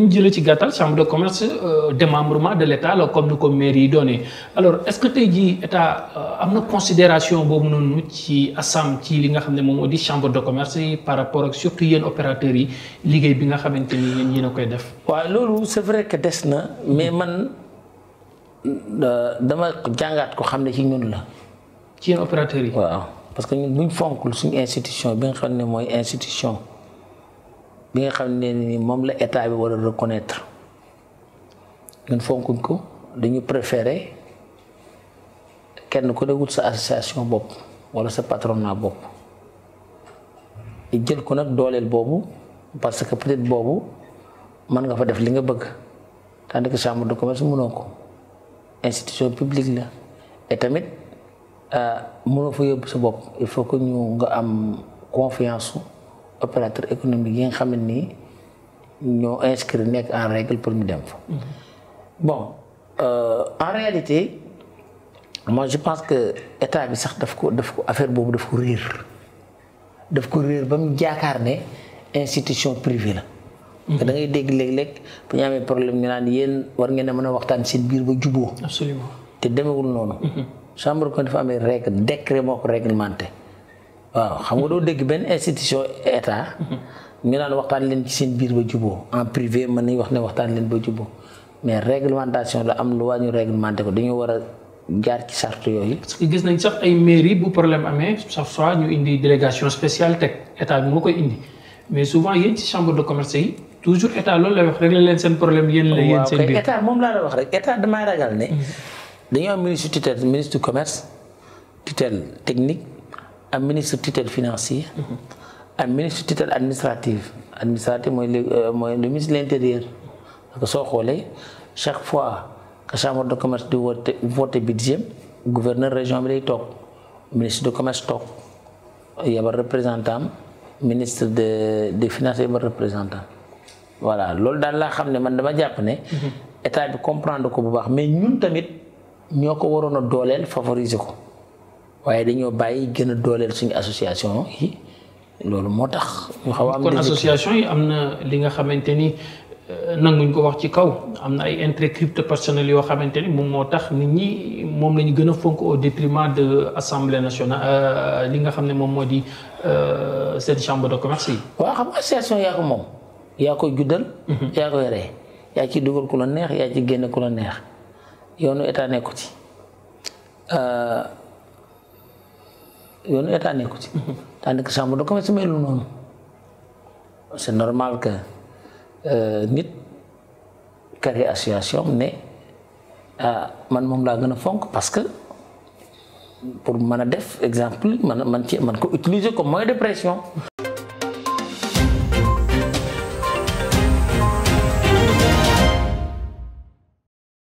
bu jëlee ci gàttal chambre de commerce euh, démembrement de l' état la comme ni ko maire yi doonee alors est ce que tey jii état euh, am na considération boobu noonu ci assam ci li nga xam ne moom di chambre de commerce yi par rapport ak surtout yéen opérateurs yi liggéey bi nga xamante ni yéen yéen a koy def. waaw loolu c' est vrai que des na mais man euh, dama jàngaat ko xam ne ci ñun la. ci yéen opérateurs yi. waaw parce que ñun buñ fonkul suñu institution bi nga xam ne mooy institution bi nga xam ne ni moom la état bi war a reconnaître ñun fonkuñ ko dañu préféré kenn ku ne sa association bopp wala sa patronat bopp jël ko nag dooleel boobu parce que peut-être boobu mën nga fa def li nga bëgg tandis que chambre de commerce mënoo ko institution publique la et tamit euh, mënoo fa yóbbu sa bopp il faut que ñu nga am confiance opérateur économique yi nga xam ne nii ñoo inscrit nekk en règle pour ñu dem fa. Mm-hmm. bon euh, en réalité moi je pense que état bi sax daf ko daf ko affaire boobu daf ko réer daf ko réer ba mu jaakaar ne institution privée la. Mm-hmm. da ngay dégg léeg-léeg bu ñu amee problème ñu naan yéen war ngeen a mën a waxtaan seen biir ba juboo absolument te demewul noonu. Mm-hmm. chambre kon dafa amee règle décret moo ko réglementé. waaw xam nga doo dégg benn institution état. ñu naan waxtaan leen ci seen biir ba juboo en privé mën nañ wax ne waxtaan leen ba juboo mais réglementation la am lu waa ñu réglementé ko dañu war a jaar ci charte yooyu. parce que gis nañ sax ay mairie bu problème amee sax fois ñu indi délégation spéciale teg état bi koy indi mais souvent yéen de commerce yi toujours état lay wax régler leen seen problème yéen la yéen moom laa la wax rek état damay ragal ne. Mhm. dañoo am ministre tutelle ministre du commerce tutelle technique. Un ministre tutelle financier. un mhm. ministre tutelle administrative administratif le euh, le ministre de l'Intérieur. chaque fois que chambre de commerce vote voté budget, le gouverneur région bi ministre de commerce a un représentant ministre de des finances un représentant voilà l'ol ce que je ne man dama appris. ne. Mhm. état bi comprendre mais nous, nous devons favoriser waaye dañoo bàyyi gën a dooleel suñu association yi loolu moo tax. ñu xaw a am kon association yi am na li nga xamante ni euh, nanguñ ko wax ci kaw am na ay intérêt crypto personnel yoo xamante ni moom moo tax nit ñi moom la ñu gën a fonk au détriment de assemblée nationale euh, li nga xam ne moom moo di seen euh, chambre de commerce yi. waaw xam nga association yaa ko moom. yaa koy juddal. Mhm. yaa koy rey yaa ci dugal ku la neex yaa ci génn ku la neex yoonu état nekku ci. yoonu état nekku ci. tandis que chambre de commerce melu noonu c'est normal que euh, nit créer association ah, man moom laa gën a fonk parce que pour mën a def exemple man man ci man ko utiliser comme moyen de pression.